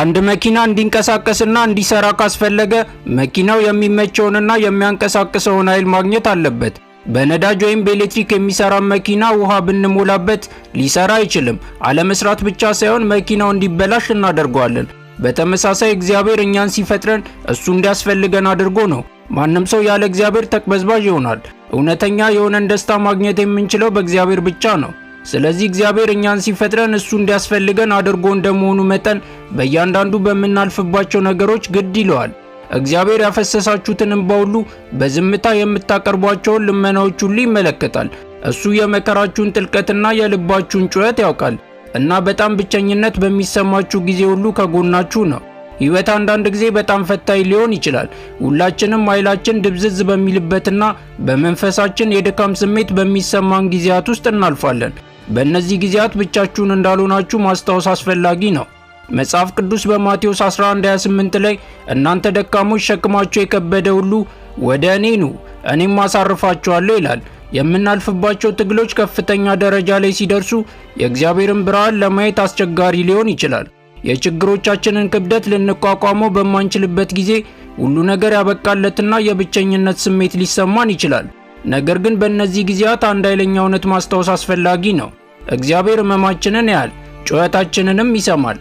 አንድ መኪና እንዲንቀሳቀስና እንዲሰራ ካስፈለገ መኪናው የሚመቸውንና የሚያንቀሳቅሰውን ኃይል ማግኘት አለበት። በነዳጅ ወይም በኤሌክትሪክ የሚሰራ መኪና ውሃ ብንሞላበት ሊሰራ አይችልም። አለመስራት ብቻ ሳይሆን መኪናው እንዲበላሽ እናደርገዋለን። በተመሳሳይ እግዚአብሔር እኛን ሲፈጥረን እሱ እንዲያስፈልገን አድርጎ ነው። ማንም ሰው ያለ እግዚአብሔር ተቅበዝባዥ ይሆናል። እውነተኛ የሆነን ደስታ ማግኘት የምንችለው በእግዚአብሔር ብቻ ነው። ስለዚህ እግዚአብሔር እኛን ሲፈጥረን እሱ እንዲያስፈልገን አድርጎ እንደመሆኑ መጠን በእያንዳንዱ በምናልፍባቸው ነገሮች ግድ ይለዋል። እግዚአብሔር ያፈሰሳችሁትን እንባ ሁሉ፣ በዝምታ የምታቀርቧቸውን ልመናዎች ሁሉ ይመለከታል። እሱ የመከራችሁን ጥልቀትና የልባችሁን ጩኸት ያውቃል እና በጣም ብቸኝነት በሚሰማችሁ ጊዜ ሁሉ ከጎናችሁ ነው። ሕይወት አንዳንድ ጊዜ በጣም ፈታኝ ሊሆን ይችላል። ሁላችንም ኃይላችን ድብዝዝ በሚልበትና በመንፈሳችን የድካም ስሜት በሚሰማን ጊዜያት ውስጥ እናልፋለን። በእነዚህ ጊዜያት ብቻችሁን እንዳልሆናችሁ ማስታወስ አስፈላጊ ነው። መጽሐፍ ቅዱስ በማቴዎስ 11:28 ላይ እናንተ ደካሞች ሸክማቸው የከበደ ሁሉ ወደ እኔ ኑ እኔም አሳርፋችኋለሁ ይላል። የምናልፍባቸው ትግሎች ከፍተኛ ደረጃ ላይ ሲደርሱ የእግዚአብሔርን ብርሃን ለማየት አስቸጋሪ ሊሆን ይችላል። የችግሮቻችንን ክብደት ልንቋቋመው በማንችልበት ጊዜ ሁሉ ነገር ያበቃለትና የብቸኝነት ስሜት ሊሰማን ይችላል። ነገር ግን በእነዚህ ጊዜያት አንድ ኃይለኛ እውነት ማስታወስ አስፈላጊ ነው። እግዚአብሔር ሕመማችንን ያያል፣ ጩኸታችንንም ይሰማል።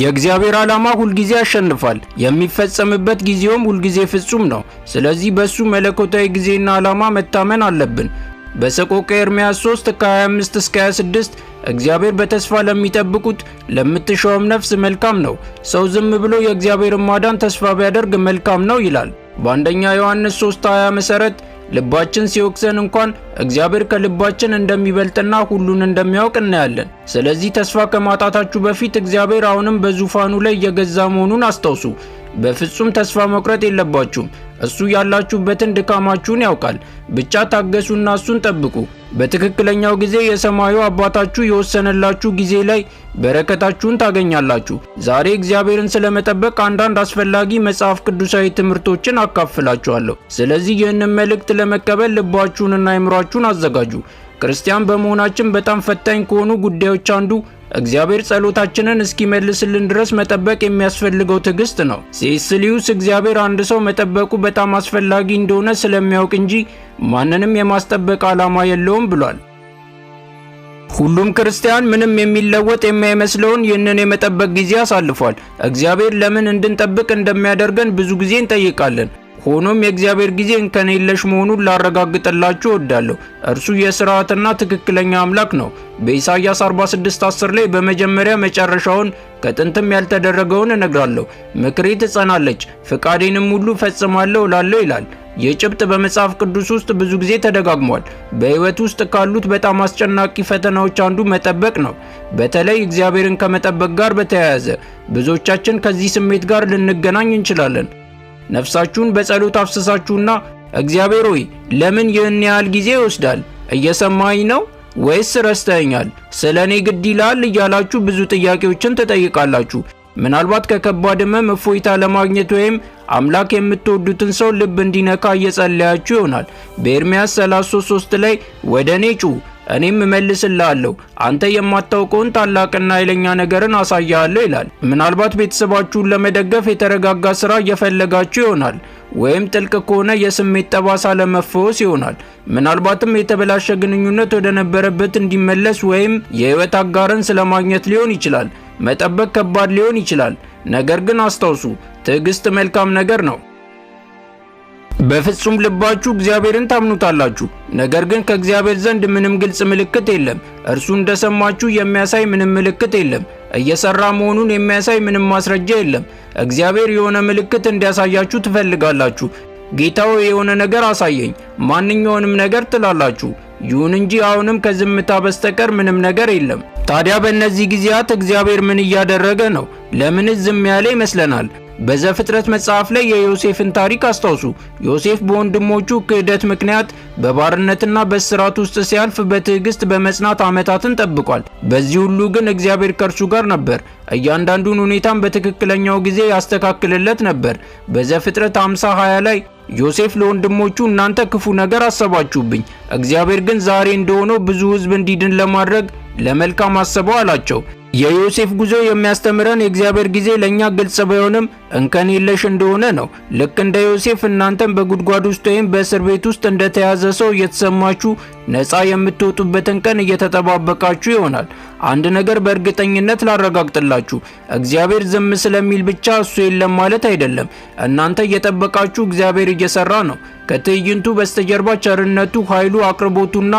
የእግዚአብሔር ዓላማ ሁልጊዜ ያሸንፋል፣ የሚፈጸምበት ጊዜውም ሁልጊዜ ፍጹም ነው። ስለዚህ በእሱ መለኮታዊ ጊዜና ዓላማ መታመን አለብን። በሰቆቃ ኤርምያስ 3 ከ25 እስከ 26 እግዚአብሔር በተስፋ ለሚጠብቁት ለምትሻውም ነፍስ መልካም ነው፣ ሰው ዝም ብሎ የእግዚአብሔርን ማዳን ተስፋ ቢያደርግ መልካም ነው ይላል። በአንደኛ ዮሐንስ 3:20 መሰረት ልባችን ሲወቅሰን እንኳን እግዚአብሔር ከልባችን እንደሚበልጥና ሁሉን እንደሚያውቅ እናያለን። ስለዚህ ተስፋ ከማጣታችሁ በፊት እግዚአብሔር አሁንም በዙፋኑ ላይ እየገዛ መሆኑን አስታውሱ። በፍጹም ተስፋ መቁረጥ የለባችሁም። እሱ ያላችሁበትን ድካማችሁን ያውቃል። ብቻ ታገሱና እሱን ጠብቁ። በትክክለኛው ጊዜ የሰማዩ አባታችሁ የወሰነላችሁ ጊዜ ላይ በረከታችሁን ታገኛላችሁ። ዛሬ እግዚአብሔርን ስለመጠበቅ አንዳንድ አስፈላጊ መጽሐፍ ቅዱሳዊ ትምህርቶችን አካፍላችኋለሁ። ስለዚህ ይህንን መልእክት ለመቀበል ልባችሁንና አይምሯችሁን አዘጋጁ። ክርስቲያን በመሆናችን በጣም ፈታኝ ከሆኑ ጉዳዮች አንዱ እግዚአብሔር ጸሎታችንን እስኪመልስልን ድረስ መጠበቅ የሚያስፈልገው ትዕግስት ነው። ሴስሊዩስ እግዚአብሔር አንድ ሰው መጠበቁ በጣም አስፈላጊ እንደሆነ ስለሚያውቅ እንጂ ማንንም የማስጠበቅ ዓላማ የለውም ብሏል። ሁሉም ክርስቲያን ምንም የሚለወጥ የማይመስለውን ይህንን የመጠበቅ ጊዜ አሳልፏል። እግዚአብሔር ለምን እንድንጠብቅ እንደሚያደርገን ብዙ ጊዜ እንጠይቃለን። ሆኖም የእግዚአብሔር ጊዜ እንከን የለሽ መሆኑን ላረጋግጥላችሁ እወዳለሁ። እርሱ የስርዓትና ትክክለኛ አምላክ ነው። በኢሳይያስ 10 ላይ በመጀመሪያ መጨረሻውን ከጥንትም ያልተደረገውን እነግራለሁ፣ ምክሬ ትጸናለች፣ ፍቃዴንም ሁሉ ፈጽማለሁ እላለሁ ይላል። ይህ ጭብጥ በመጽሐፍ ቅዱስ ውስጥ ብዙ ጊዜ ተደጋግሟል። በሕይወት ውስጥ ካሉት በጣም አስጨናቂ ፈተናዎች አንዱ መጠበቅ ነው፣ በተለይ እግዚአብሔርን ከመጠበቅ ጋር በተያያዘ ብዙዎቻችን ከዚህ ስሜት ጋር ልንገናኝ እንችላለን። ነፍሳችሁን በጸሎት አፍስሳችሁና እግዚአብሔር ሆይ ለምን ይህን ያህል ጊዜ ይወስዳል? እየሰማኝ ነው ወይስ ረስተኛል? ስለ እኔ ግድ ይላል እያላችሁ ብዙ ጥያቄዎችን ትጠይቃላችሁ። ምናልባት ከከባድ ህመም እፎይታ ለማግኘት ወይም አምላክ የምትወዱትን ሰው ልብ እንዲነካ እየጸለያችሁ ይሆናል። በኤርምያስ 33 ላይ ወደ እኔ ጩ እኔም እመልስልሃለሁ፣ አንተ የማታውቀውን ታላቅና ኃይለኛ ነገርን አሳያለሁ ይላል። ምናልባት ቤተሰባችሁን ለመደገፍ የተረጋጋ ስራ እየፈለጋችሁ ይሆናል ወይም ጥልቅ ከሆነ የስሜት ጠባሳ ለመፈወስ ይሆናል። ምናልባትም የተበላሸ ግንኙነት ወደ ነበረበት እንዲመለስ ወይም የህይወት አጋርን ስለማግኘት ሊሆን ይችላል። መጠበቅ ከባድ ሊሆን ይችላል፣ ነገር ግን አስታውሱ፣ ትዕግስት መልካም ነገር ነው። በፍጹም ልባችሁ እግዚአብሔርን ታምኑታላችሁ፣ ነገር ግን ከእግዚአብሔር ዘንድ ምንም ግልጽ ምልክት የለም። እርሱ እንደሰማችሁ የሚያሳይ ምንም ምልክት የለም። እየሰራ መሆኑን የሚያሳይ ምንም ማስረጃ የለም። እግዚአብሔር የሆነ ምልክት እንዲያሳያችሁ ትፈልጋላችሁ። ጌታው የሆነ ነገር አሳየኝ ማንኛውንም ነገር ትላላችሁ። ይሁን እንጂ አሁንም ከዝምታ በስተቀር ምንም ነገር የለም። ታዲያ በእነዚህ ጊዜያት እግዚአብሔር ምን እያደረገ ነው? ለምንስ ዝም ያለ ይመስለናል? በዘፍጥረት መጽሐፍ ላይ የዮሴፍን ታሪክ አስታውሱ። ዮሴፍ በወንድሞቹ ክህደት ምክንያት በባርነትና በእስራት ውስጥ ሲያልፍ በትዕግስት በመጽናት ዓመታትን ጠብቋል። በዚህ ሁሉ ግን እግዚአብሔር ከእርሱ ጋር ነበር። እያንዳንዱን ሁኔታን በትክክለኛው ጊዜ ያስተካክልለት ነበር። በዘፍጥረት 50 20 ላይ ዮሴፍ ለወንድሞቹ እናንተ ክፉ ነገር አሰባችሁብኝ፣ እግዚአብሔር ግን ዛሬ እንደሆነው ብዙ ሕዝብ እንዲድን ለማድረግ ለመልካም አሰበው አላቸው። የዮሴፍ ጉዞ የሚያስተምረን የእግዚአብሔር ጊዜ ለእኛ ግልጽ ባይሆንም እንከን የለሽ እንደሆነ ነው። ልክ እንደ ዮሴፍ እናንተም በጉድጓድ ውስጥ ወይም በእስር ቤት ውስጥ እንደተያዘ ሰው እየተሰማችሁ ነፃ የምትወጡበትን ቀን እየተጠባበቃችሁ ይሆናል። አንድ ነገር በእርግጠኝነት ላረጋግጥላችሁ፣ እግዚአብሔር ዝም ስለሚል ብቻ እሱ የለም ማለት አይደለም። እናንተ እየጠበቃችሁ እግዚአብሔር እየሰራ ነው። ከትዕይንቱ በስተጀርባ ቸርነቱ፣ ኃይሉ፣ አቅርቦቱና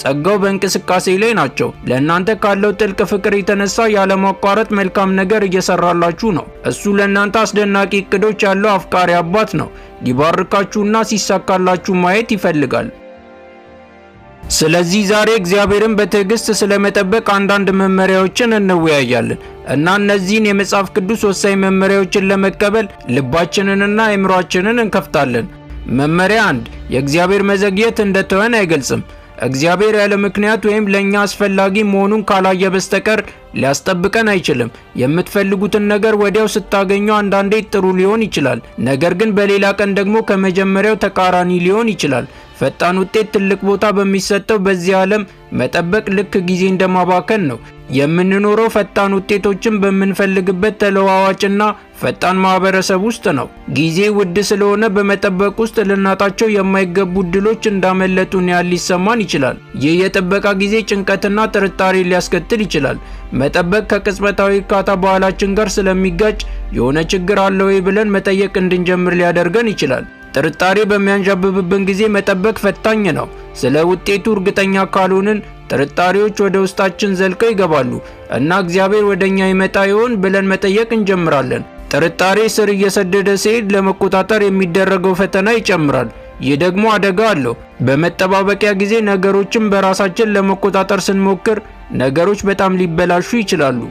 ጸጋው በእንቅስቃሴ ላይ ናቸው። ለእናንተ ካለው ጥልቅ ፍቅር የተነሳ ያለማቋረጥ መልካም ነገር እየሰራላችሁ ነው። እሱ ለእናንተ አስደናቂ እቅዶች ያለው አፍቃሪ አባት ነው። ሊባርካችሁና ሲሳካላችሁ ማየት ይፈልጋል። ስለዚህ ዛሬ እግዚአብሔርን በትዕግስት ስለመጠበቅ አንዳንድ መመሪያዎችን እንወያያለን እና እነዚህን የመጽሐፍ ቅዱስ ወሳኝ መመሪያዎችን ለመቀበል ልባችንንና አእምሯችንን እንከፍታለን። መመሪያ አንድ የእግዚአብሔር መዘግየት እንደተወን አይገልጽም። እግዚአብሔር ያለ ምክንያት ወይም ለእኛ አስፈላጊ መሆኑን ካላየ በስተቀር ሊያስጠብቀን አይችልም። የምትፈልጉትን ነገር ወዲያው ስታገኙ አንዳንዴ ጥሩ ሊሆን ይችላል፣ ነገር ግን በሌላ ቀን ደግሞ ከመጀመሪያው ተቃራኒ ሊሆን ይችላል። ፈጣን ውጤት ትልቅ ቦታ በሚሰጠው በዚህ ዓለም መጠበቅ ልክ ጊዜ እንደማባከን ነው። የምንኖረው ፈጣን ውጤቶችን በምንፈልግበት ተለዋዋጭና ፈጣን ማህበረሰብ ውስጥ ነው። ጊዜ ውድ ስለሆነ በመጠበቅ ውስጥ ልናጣቸው የማይገቡ እድሎች እንዳመለጡን ያህል ሊሰማን ይችላል። ይህ የጥበቃ ጊዜ ጭንቀትና ጥርጣሬ ሊያስከትል ይችላል። መጠበቅ ከቅጽበታዊ እርካታ ባህላችን ጋር ስለሚጋጭ የሆነ ችግር አለ ወይ ብለን መጠየቅ እንድንጀምር ሊያደርገን ይችላል። ጥርጣሬ በሚያንዣብብብን ጊዜ መጠበቅ ፈታኝ ነው። ስለ ውጤቱ እርግጠኛ ካልሆንን ጥርጣሬዎች ወደ ውስጣችን ዘልቀው ይገባሉ እና እግዚአብሔር ወደ እኛ ይመጣ ይሆን ብለን መጠየቅ እንጀምራለን። ጥርጣሬ ስር እየሰደደ ሲሄድ ለመቆጣጠር የሚደረገው ፈተና ይጨምራል። ይህ ደግሞ አደጋ አለው። በመጠባበቂያ ጊዜ ነገሮችን በራሳችን ለመቆጣጠር ስንሞክር ነገሮች በጣም ሊበላሹ ይችላሉ።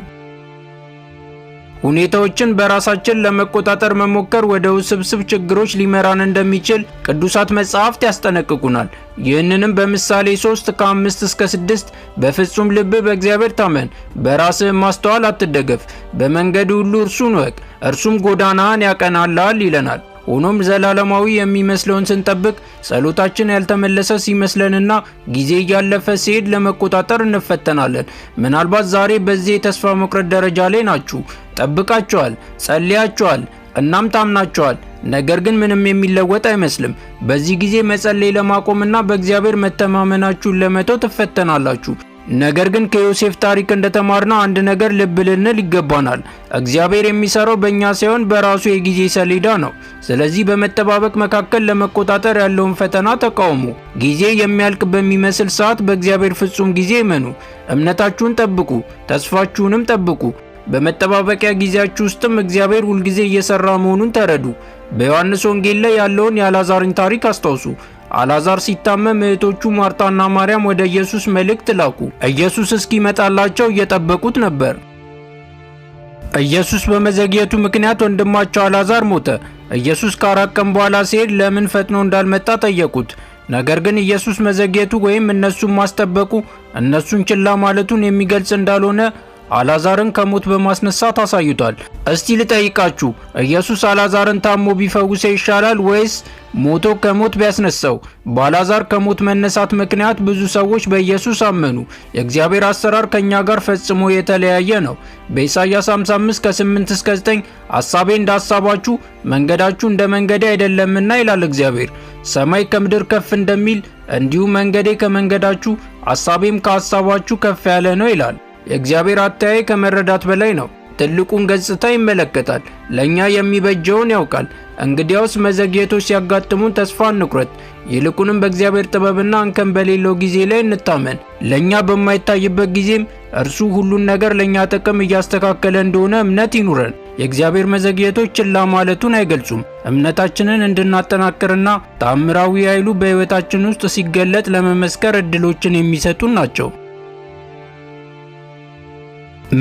ሁኔታዎችን በራሳችን ለመቆጣጠር መሞከር ወደ ውስብስብ ችግሮች ሊመራን እንደሚችል ቅዱሳት መጽሐፍት ያስጠነቅቁናል። ይህንንም በምሳሌ 3 ከ5 እስከ 6 በፍጹም ልብ በእግዚአብሔር ታመን፣ በራስህ ማስተዋል አትደገፍ፣ በመንገድ ሁሉ እርሱን ወቅ፣ እርሱም ጎዳናህን ያቀናልሃል ይለናል። ሆኖም ዘላለማዊ የሚመስለውን ስንጠብቅ ጸሎታችን ያልተመለሰ ሲመስለንና ጊዜ እያለፈ ሲሄድ ለመቆጣጠር እንፈተናለን። ምናልባት ዛሬ በዚህ የተስፋ መቁረጥ ደረጃ ላይ ናችሁ። ጠብቃችኋል፣ ጸልያችኋል፣ እናም ታምናችኋል። ነገር ግን ምንም የሚለወጥ አይመስልም። በዚህ ጊዜ መጸለይ ለማቆምና በእግዚአብሔር መተማመናችሁን ለመተው ትፈተናላችሁ። ነገር ግን ከዮሴፍ ታሪክ እንደተማርነው አንድ ነገር ልብ ልንል ይገባናል። እግዚአብሔር የሚሰራው በእኛ ሳይሆን በራሱ የጊዜ ሰሌዳ ነው። ስለዚህ በመጠባበቅ መካከል ለመቆጣጠር ያለውን ፈተና ተቃውሙ። ጊዜ የሚያልቅ በሚመስል ሰዓት በእግዚአብሔር ፍጹም ጊዜ እመኑ። እምነታችሁን ጠብቁ፣ ተስፋችሁንም ጠብቁ። በመጠባበቂያ ጊዜያችሁ ውስጥም እግዚአብሔር ሁልጊዜ እየሰራ መሆኑን ተረዱ። በዮሐንስ ወንጌል ላይ ያለውን የአልዓዛርን ታሪክ አስታውሱ። አላዛር ሲታመም እህቶቹ ማርታና ማርያም ወደ ኢየሱስ መልእክት ላኩ። ኢየሱስ እስኪመጣላቸው እየጠበቁት ነበር። ኢየሱስ በመዘግየቱ ምክንያት ወንድማቸው አላዛር ሞተ። ኢየሱስ ከአራት ቀን በኋላ ሲሄድ ለምን ፈጥኖ እንዳልመጣ ጠየቁት። ነገር ግን ኢየሱስ መዘግየቱ ወይም እነሱን ማስጠበቁ እነሱን ችላ ማለቱን የሚገልጽ እንዳልሆነ አላዛርን ከሞት በማስነሳት አሳይቷል። እስቲ ልጠይቃችሁ፣ ኢየሱስ አላዛርን ታሞ ቢፈውሰ ይሻላል ወይስ ሞቶ ከሞት ቢያስነሳው? በአላዛር ከሞት መነሳት ምክንያት ብዙ ሰዎች በኢየሱስ አመኑ። የእግዚአብሔር አሰራር ከእኛ ጋር ፈጽሞ የተለያየ ነው። በኢሳይያስ 55 ከ8 እስከ 9 ሐሳቤ እንደ ሐሳባችሁ መንገዳችሁ እንደ መንገዴ አይደለምና ይላል እግዚአብሔር። ሰማይ ከምድር ከፍ እንደሚል እንዲሁ መንገዴ ከመንገዳችሁ ሐሳቤም ከሐሳባችሁ ከፍ ያለ ነው ይላል። የእግዚአብሔር አተያይ ከመረዳት በላይ ነው። ትልቁን ገጽታ ይመለከታል። ለእኛ የሚበጀውን ያውቃል። እንግዲያውስ መዘግየቶች ሲያጋጥሙን ተስፋ አንቁረጥ። ይልቁንም በእግዚአብሔር ጥበብና አንከን በሌለው ጊዜ ላይ እንታመን። ለእኛ በማይታይበት ጊዜም እርሱ ሁሉን ነገር ለእኛ ጥቅም እያስተካከለ እንደሆነ እምነት ይኑረን። የእግዚአብሔር መዘግየቶች ችላ ማለቱን አይገልጹም። እምነታችንን እንድናጠናክርና ታምራዊ ኃይሉ በሕይወታችን ውስጥ ሲገለጥ ለመመስከር ዕድሎችን የሚሰጡን ናቸው።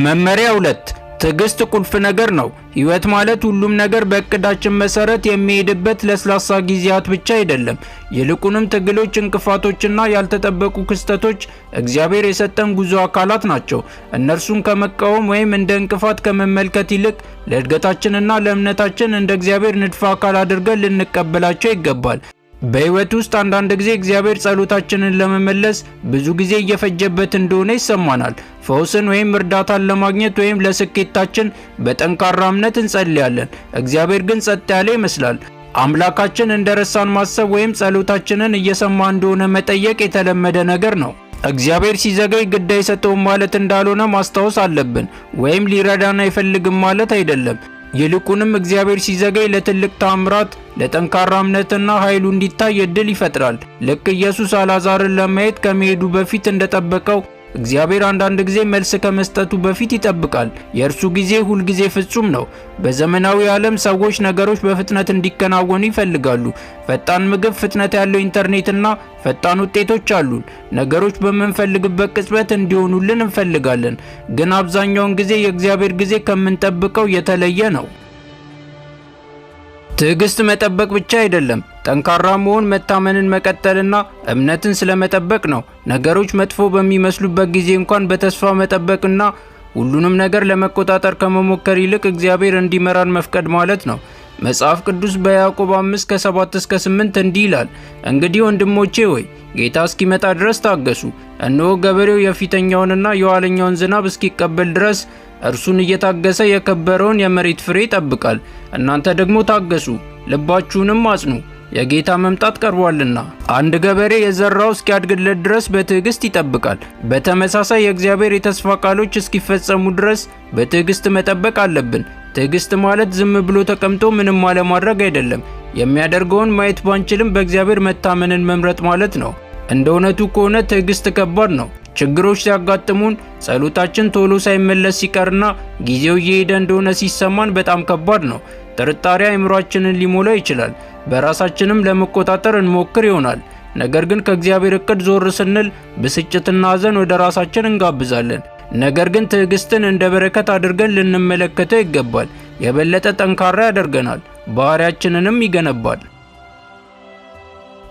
መመሪያ ሁለት ትዕግስት ቁልፍ ነገር ነው። ህይወት ማለት ሁሉም ነገር በእቅዳችን መሰረት የሚሄድበት ለስላሳ ጊዜያት ብቻ አይደለም። ይልቁንም ትግሎች፣ እንቅፋቶችና ያልተጠበቁ ክስተቶች እግዚአብሔር የሰጠን ጉዞ አካላት ናቸው። እነርሱን ከመቃወም ወይም እንደ እንቅፋት ከመመልከት ይልቅ ለእድገታችንና ለእምነታችን እንደ እግዚአብሔር ንድፈ አካል አድርገን ልንቀበላቸው ይገባል። በህይወት ውስጥ አንዳንድ ጊዜ እግዚአብሔር ጸሎታችንን ለመመለስ ብዙ ጊዜ እየፈጀበት እንደሆነ ይሰማናል። ፈውስን ወይም እርዳታን ለማግኘት ወይም ለስኬታችን በጠንካራ እምነት እንጸልያለን፣ እግዚአብሔር ግን ጸጥ ያለ ይመስላል። አምላካችን እንደረሳን ማሰብ ወይም ጸሎታችንን እየሰማ እንደሆነ መጠየቅ የተለመደ ነገር ነው። እግዚአብሔር ሲዘገይ ግድ አይሰጠውም ማለት እንዳልሆነ ማስታወስ አለብን፣ ወይም ሊረዳን አይፈልግም ማለት አይደለም። ይልቁንም እግዚአብሔር ሲዘገይ ለትልቅ ታምራት ለጠንካራ እምነትና ኃይሉ እንዲታይ እድል ይፈጥራል። ልክ ኢየሱስ አልዓዛርን ለማየት ከመሄዱ በፊት እንደጠበቀው እግዚአብሔር አንዳንድ ጊዜ መልስ ከመስጠቱ በፊት ይጠብቃል። የእርሱ ጊዜ ሁልጊዜ ፍጹም ነው። በዘመናዊ ዓለም ሰዎች ነገሮች በፍጥነት እንዲከናወኑ ይፈልጋሉ። ፈጣን ምግብ፣ ፍጥነት ያለው ኢንተርኔትና ፈጣን ውጤቶች አሉን። ነገሮች በምንፈልግበት ቅጽበት እንዲሆኑልን እንፈልጋለን። ግን አብዛኛውን ጊዜ የእግዚአብሔር ጊዜ ከምንጠብቀው የተለየ ነው። ትዕግስት መጠበቅ ብቻ አይደለም፣ ጠንካራ መሆን መታመንን መቀጠልና እምነትን ስለመጠበቅ ነው። ነገሮች መጥፎ በሚመስሉበት ጊዜ እንኳን በተስፋ መጠበቅና ሁሉንም ነገር ለመቆጣጠር ከመሞከር ይልቅ እግዚአብሔር እንዲመራን መፍቀድ ማለት ነው። መጽሐፍ ቅዱስ በያዕቆብ 5 ከ7 እስከ 8 እንዲህ ይላል፣ እንግዲህ ወንድሞቼ ሆይ ጌታ እስኪመጣ ድረስ ታገሱ። እነሆ ገበሬው የፊተኛውንና የኋለኛውን ዝናብ እስኪቀበል ድረስ እርሱን እየታገሰ የከበረውን የመሬት ፍሬ ይጠብቃል። እናንተ ደግሞ ታገሱ፣ ልባችሁንም አጽኑ፣ የጌታ መምጣት ቀርቧልና። አንድ ገበሬ የዘራው እስኪያድግለት ድረስ በትዕግስት ይጠብቃል። በተመሳሳይ የእግዚአብሔር የተስፋ ቃሎች እስኪፈጸሙ ድረስ በትዕግስት መጠበቅ አለብን። ትዕግስት ማለት ዝም ብሎ ተቀምጦ ምንም አለማድረግ አይደለም። የሚያደርገውን ማየት ባንችልም በእግዚአብሔር መታመንን መምረጥ ማለት ነው። እንደ እውነቱ ከሆነ ትዕግስት ከባድ ነው። ችግሮች ሲያጋጥሙን ጸሎታችን ቶሎ ሳይመለስ ሲቀርና ጊዜው እየሄደ እንደሆነ ሲሰማን በጣም ከባድ ነው። ጥርጣሬ አእምሯችንን ሊሞላ ይችላል። በራሳችንም ለመቆጣጠር እንሞክር ይሆናል። ነገር ግን ከእግዚአብሔር እቅድ ዞር ስንል ብስጭትና ሐዘን ወደ ራሳችን እንጋብዛለን። ነገር ግን ትዕግስትን እንደ በረከት አድርገን ልንመለከተው ይገባል። የበለጠ ጠንካራ ያደርገናል፣ ባህሪያችንንም ይገነባል።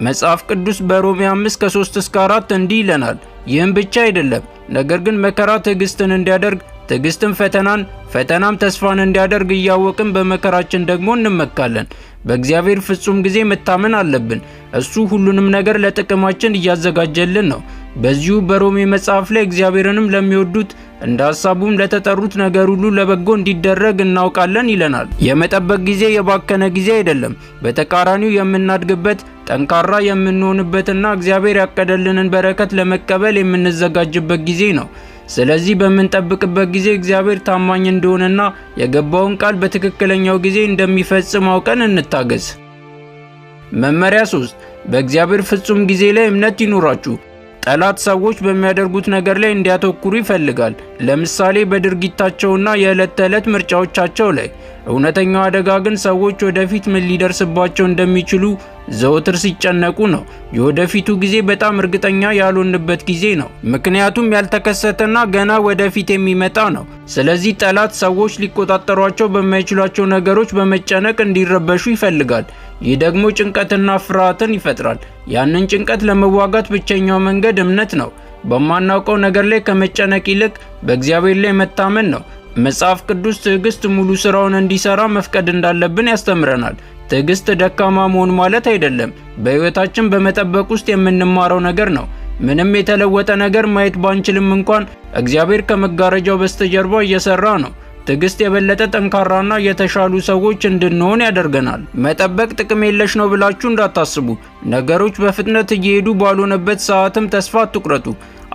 መጽሐፍ ቅዱስ በሮሜ 5 ከ3 እስከ 4 እንዲህ ይለናል። ይህም ብቻ አይደለም፣ ነገር ግን መከራ ትዕግስትን እንዲያደርግ፣ ትዕግስትም ፈተናን፣ ፈተናም ተስፋን እንዲያደርግ እያወቅን በመከራችን ደግሞ እንመካለን። በእግዚአብሔር ፍጹም ጊዜ መታመን አለብን። እሱ ሁሉንም ነገር ለጥቅማችን እያዘጋጀልን ነው። በዚሁ በሮሜ መጽሐፍ ላይ እግዚአብሔርንም ለሚወዱት እንደ ሐሳቡም ለተጠሩት ነገር ሁሉ ለበጎ እንዲደረግ እናውቃለን ይለናል። የመጠበቅ ጊዜ የባከነ ጊዜ አይደለም። በተቃራኒው የምናድግበት ጠንካራ የምንሆንበትና እግዚአብሔር ያቀደልንን በረከት ለመቀበል የምንዘጋጅበት ጊዜ ነው። ስለዚህ በምንጠብቅበት ጊዜ እግዚአብሔር ታማኝ እንደሆነና የገባውን ቃል በትክክለኛው ጊዜ እንደሚፈጽም አውቀን እንታገዝ። መመሪያ 3 በእግዚአብሔር ፍጹም ጊዜ ላይ እምነት ይኑራችሁ። ጠላት ሰዎች በሚያደርጉት ነገር ላይ እንዲያተኩሩ ይፈልጋል። ለምሳሌ በድርጊታቸውና የዕለት ተዕለት ምርጫዎቻቸው ላይ። እውነተኛው አደጋ ግን ሰዎች ወደፊት ምን ሊደርስባቸው እንደሚችሉ ዘወትር ሲጨነቁ ነው። የወደፊቱ ጊዜ በጣም እርግጠኛ ያልሆንበት ጊዜ ነው፣ ምክንያቱም ያልተከሰተና ገና ወደፊት የሚመጣ ነው። ስለዚህ ጠላት ሰዎች ሊቆጣጠሯቸው በማይችሏቸው ነገሮች በመጨነቅ እንዲረበሹ ይፈልጋል። ይህ ደግሞ ጭንቀትና ፍርሃትን ይፈጥራል። ያንን ጭንቀት ለመዋጋት ብቸኛው መንገድ እምነት ነው። በማናውቀው ነገር ላይ ከመጨነቅ ይልቅ በእግዚአብሔር ላይ መታመን ነው። መጽሐፍ ቅዱስ ትዕግስት ሙሉ ስራውን እንዲሰራ መፍቀድ እንዳለብን ያስተምረናል። ትዕግስት ደካማ መሆን ማለት አይደለም። በሕይወታችን በመጠበቅ ውስጥ የምንማረው ነገር ነው። ምንም የተለወጠ ነገር ማየት ባንችልም እንኳን እግዚአብሔር ከመጋረጃው በስተጀርባ እየሰራ ነው። ትዕግስት የበለጠ ጠንካራና የተሻሉ ሰዎች እንድንሆን ያደርገናል። መጠበቅ ጥቅም የለሽ ነው ብላችሁ እንዳታስቡ። ነገሮች በፍጥነት እየሄዱ ባልሆነበት ሰዓትም ተስፋ አትቁረጡ።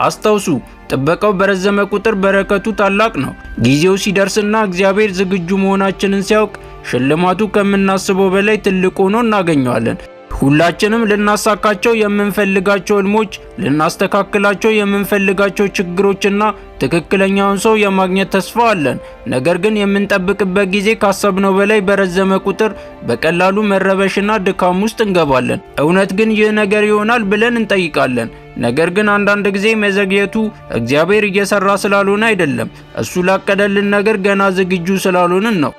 አስታውሱ፣ ጥበቃው በረዘመ ቁጥር በረከቱ ታላቅ ነው። ጊዜው ሲደርስና እግዚአብሔር ዝግጁ መሆናችንን ሲያውቅ ሽልማቱ ከምናስበው በላይ ትልቅ ሆኖ እናገኘዋለን። ሁላችንም ልናሳካቸው የምንፈልጋቸው ህልሞች፣ ልናስተካክላቸው የምንፈልጋቸው ችግሮችና ትክክለኛውን ሰው የማግኘት ተስፋ አለን። ነገር ግን የምንጠብቅበት ጊዜ ካሰብነው በላይ በረዘመ ቁጥር በቀላሉ መረበሽና ድካም ውስጥ እንገባለን። እውነት ግን ይህ ነገር ይሆናል ብለን እንጠይቃለን። ነገር ግን አንዳንድ ጊዜ መዘግየቱ እግዚአብሔር እየሰራ ስላልሆነ አይደለም፣ እሱ ላቀደልን ነገር ገና ዝግጁ ስላልሆንን ነው።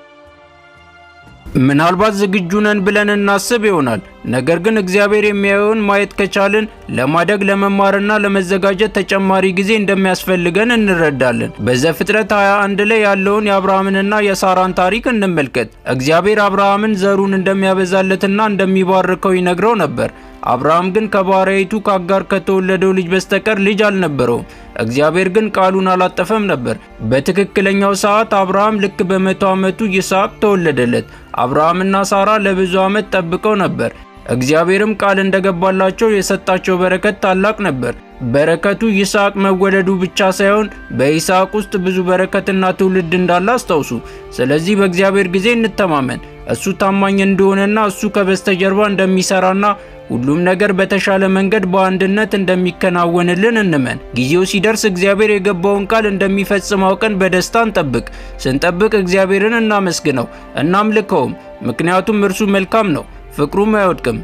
ምናልባት ዝግጁ ነን ብለን እናስብ ይሆናል ነገር ግን እግዚአብሔር የሚያየውን ማየት ከቻልን ለማደግ ለመማርና ለመዘጋጀት ተጨማሪ ጊዜ እንደሚያስፈልገን እንረዳለን። በዘፍጥረት 21 ላይ ያለውን የአብርሃምንና የሳራን ታሪክ እንመልከት። እግዚአብሔር አብርሃምን ዘሩን እንደሚያበዛለትና እንደሚባርከው ይነግረው ነበር። አብርሃም ግን ከባሪያይቱ ከአጋር ከተወለደው ልጅ በስተቀር ልጅ አልነበረውም። እግዚአብሔር ግን ቃሉን አላጠፈም ነበር። በትክክለኛው ሰዓት አብርሃም ልክ በመቶ ዓመቱ ይስሐቅ ተወለደለት። አብርሃምና ሳራ ለብዙ ዓመት ጠብቀው ነበር። እግዚአብሔርም ቃል እንደገባላቸው የሰጣቸው በረከት ታላቅ ነበር። በረከቱ ይስሐቅ መወለዱ ብቻ ሳይሆን በይስሐቅ ውስጥ ብዙ በረከትና ትውልድ እንዳለ አስታውሱ። ስለዚህ በእግዚአብሔር ጊዜ እንተማመን። እሱ ታማኝ እንደሆነና እሱ ከበስተጀርባ እንደሚሰራና ሁሉም ነገር በተሻለ መንገድ በአንድነት እንደሚከናወንልን እንመን። ጊዜው ሲደርስ እግዚአብሔር የገባውን ቃል እንደሚፈጽም አውቀን በደስታ እንጠብቅ። ስንጠብቅ እግዚአብሔርን እናመስግነው፣ እናምልከውም፣ ምክንያቱም እርሱ መልካም ነው። ፍቅሩም አይወድቅም።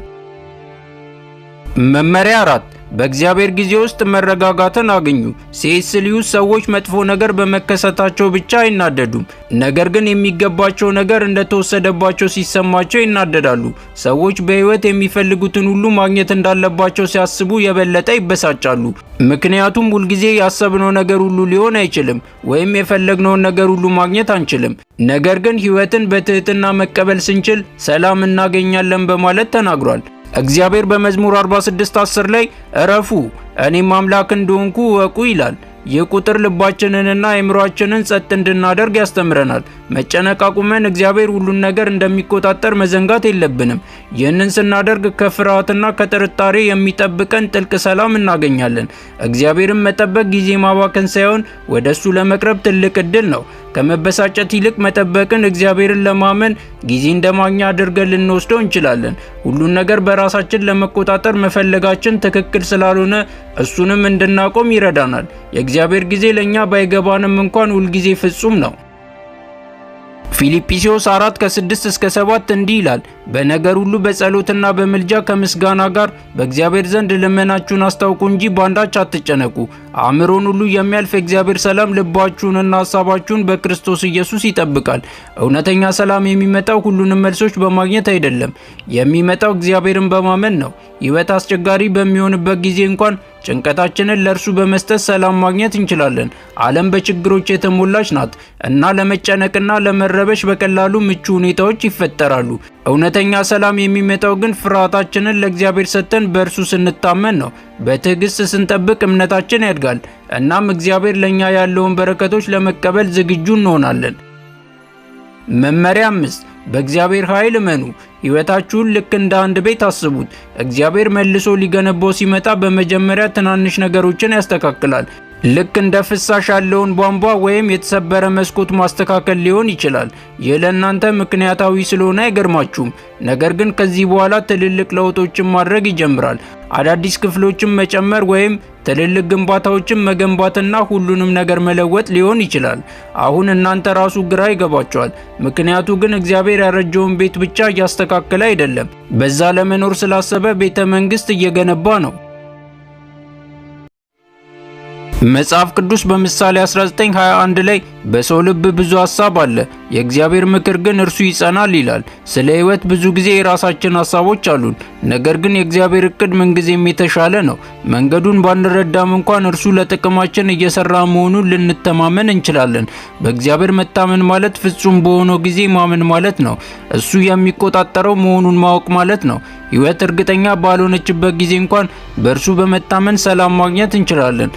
መመሪያ አራት በእግዚአብሔር ጊዜ ውስጥ መረጋጋትን አግኙ። ሲኤስሊዩ ሰዎች መጥፎ ነገር በመከሰታቸው ብቻ አይናደዱም፣ ነገር ግን የሚገባቸው ነገር እንደተወሰደባቸው ሲሰማቸው ይናደዳሉ። ሰዎች በሕይወት የሚፈልጉትን ሁሉ ማግኘት እንዳለባቸው ሲያስቡ የበለጠ ይበሳጫሉ። ምክንያቱም ሁልጊዜ ያሰብነው ነገር ሁሉ ሊሆን አይችልም፣ ወይም የፈለግነውን ነገር ሁሉ ማግኘት አንችልም። ነገር ግን ሕይወትን በትህትና መቀበል ስንችል ሰላም እናገኛለን በማለት ተናግሯል። እግዚአብሔር በመዝሙር 46 10 ላይ እረፉ እኔም አምላክ እንደሆንኩ እወቁ ይላል። ይህ ቁጥር ልባችንንና አእምሯችንን ጸጥ እንድናደርግ ያስተምረናል። መጨነቅ አቁመን እግዚአብሔር ሁሉን ነገር እንደሚቆጣጠር መዘንጋት የለብንም። ይህንን ስናደርግ ከፍርሃትና ከጥርጣሬ የሚጠብቀን ጥልቅ ሰላም እናገኛለን። እግዚአብሔርን መጠበቅ ጊዜ ማባከን ሳይሆን ወደ እሱ ለመቅረብ ትልቅ እድል ነው። ከመበሳጨት ይልቅ መጠበቅን እግዚአብሔርን ለማመን ጊዜ እንደማግኛ አድርገን ልንወስደው እንችላለን። ሁሉን ነገር በራሳችን ለመቆጣጠር መፈለጋችን ትክክል ስላልሆነ እሱንም እንድናቆም ይረዳናል። የእግዚአብሔር ጊዜ ለእኛ ባይገባንም እንኳን ሁልጊዜ ፍጹም ነው። ፊልጵስዩስ 4 ከ6 እስከ 7 እንዲህ ይላል፣ በነገር ሁሉ በጸሎትና በምልጃ ከምስጋና ጋር በእግዚአብሔር ዘንድ ልመናችሁን አስታውቁ እንጂ በአንዳች አትጨነቁ። አእምሮን ሁሉ የሚያልፍ የእግዚአብሔር ሰላም ልባችሁንና ሀሳባችሁን በክርስቶስ ኢየሱስ ይጠብቃል። እውነተኛ ሰላም የሚመጣው ሁሉንም መልሶች በማግኘት አይደለም፣ የሚመጣው እግዚአብሔርን በማመን ነው። ሕይወት አስቸጋሪ በሚሆንበት ጊዜ እንኳን ጭንቀታችንን ለእርሱ በመስጠት ሰላም ማግኘት እንችላለን። ዓለም በችግሮች የተሞላች ናት እና ለመጨነቅና ለመረበሽ በቀላሉ ምቹ ሁኔታዎች ይፈጠራሉ። እውነተኛ ሰላም የሚመጣው ግን ፍርሃታችንን ለእግዚአብሔር ሰጥተን በእርሱ ስንታመን ነው። በትዕግስት ስንጠብቅ እምነታችን ያድጋል፣ እናም እግዚአብሔር ለእኛ ያለውን በረከቶች ለመቀበል ዝግጁ እንሆናለን። መመሪያ አምስት በእግዚአብሔር ኃይል እመኑ። ሕይወታችሁን ልክ እንደ አንድ ቤት አስቡት። እግዚአብሔር መልሶ ሊገነባው ሲመጣ በመጀመሪያ ትናንሽ ነገሮችን ያስተካክላል። ልክ እንደ ፍሳሽ ያለውን ቧንቧ ወይም የተሰበረ መስኮት ማስተካከል ሊሆን ይችላል። ይህ ለእናንተ ምክንያታዊ ስለሆነ አይገርማችሁም። ነገር ግን ከዚህ በኋላ ትልልቅ ለውጦችን ማድረግ ይጀምራል። አዳዲስ ክፍሎችን መጨመር ወይም ትልልቅ ግንባታዎችን መገንባትና ሁሉንም ነገር መለወጥ ሊሆን ይችላል። አሁን እናንተ ራሱ ግራ ይገባቸዋል። ምክንያቱ ግን እግዚአብሔር ያረጀውን ቤት ብቻ እያስተካከለ አይደለም፣ በዛ ለመኖር ስላሰበ ቤተ መንግስት እየገነባ ነው። መጽሐፍ ቅዱስ በምሳሌ 19:21 ላይ በሰው ልብ ብዙ ሐሳብ አለ፣ የእግዚአብሔር ምክር ግን እርሱ ይጸናል ይላል። ስለ ሕይወት ብዙ ጊዜ የራሳችን ሐሳቦች አሉን። ነገር ግን የእግዚአብሔር እቅድ ምንጊዜም የተሻለ ነው። መንገዱን ባንረዳም እንኳን እርሱ ለጥቅማችን እየሰራ መሆኑን ልንተማመን እንችላለን። በእግዚአብሔር መታመን ማለት ፍጹም በሆነው ጊዜ ማመን ማለት ነው። እሱ የሚቆጣጠረው መሆኑን ማወቅ ማለት ነው። ሕይወት እርግጠኛ ባልሆነችበት ጊዜ እንኳን በእርሱ በመታመን ሰላም ማግኘት እንችላለን።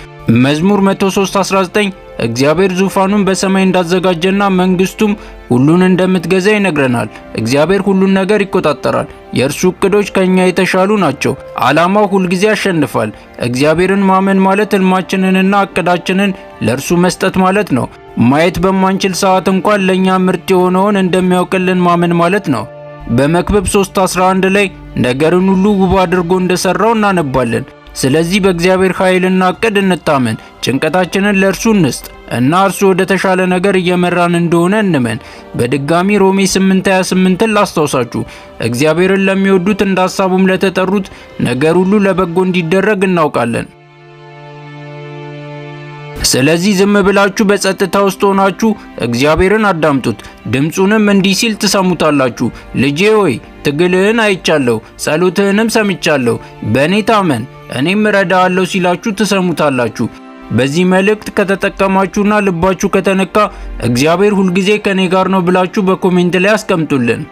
መዝሙር 13:19 እግዚአብሔር ዙፋኑን በሰማይ እንዳዘጋጀና መንግስቱም ሁሉን እንደምትገዛ ይነግረናል። እግዚአብሔር ሁሉን ነገር ይቆጣጠራል። የእርሱ እቅዶች ከኛ የተሻሉ ናቸው። ዓላማው ሁልጊዜ ያሸንፋል። እግዚአብሔርን ማመን ማለት ልማችንንና እቅዳችንን ለእርሱ መስጠት ማለት ነው። ማየት በማንችል ሰዓት እንኳን ለእኛ ምርጥ የሆነውን እንደሚያውቅልን ማመን ማለት ነው። በመክብብ 3:11 ላይ ነገርን ሁሉ ውብ አድርጎ እንደሰራው እናነባለን። ስለዚህ በእግዚአብሔር ኃይልና እቅድ እንታመን፣ ጭንቀታችንን ለእርሱ እንስጥ እና እርሱ ወደ ተሻለ ነገር እየመራን እንደሆነ እንመን። በድጋሚ ሮሜ 8:28ን ላስታውሳችሁ፣ እግዚአብሔርን ለሚወዱት እንደ ሐሳቡም ለተጠሩት ነገር ሁሉ ለበጎ እንዲደረግ እናውቃለን። ስለዚህ ዝም ብላችሁ በጸጥታ ውስጥ ሆናችሁ እግዚአብሔርን አዳምጡት። ድምፁንም እንዲህ ሲል ትሰሙታላችሁ። ልጄ ሆይ ትግልህን አይቻለሁ፣ ጸሎትህንም ሰምቻለሁ። በእኔ ታመን እኔም እረዳዋለሁ ሲላችሁ ትሰሙታላችሁ። በዚህ መልእክት ከተጠቀማችሁና ልባችሁ ከተነካ እግዚአብሔር ሁልጊዜ ከኔ ጋር ነው ብላችሁ በኮሜንት ላይ አስቀምጡልን።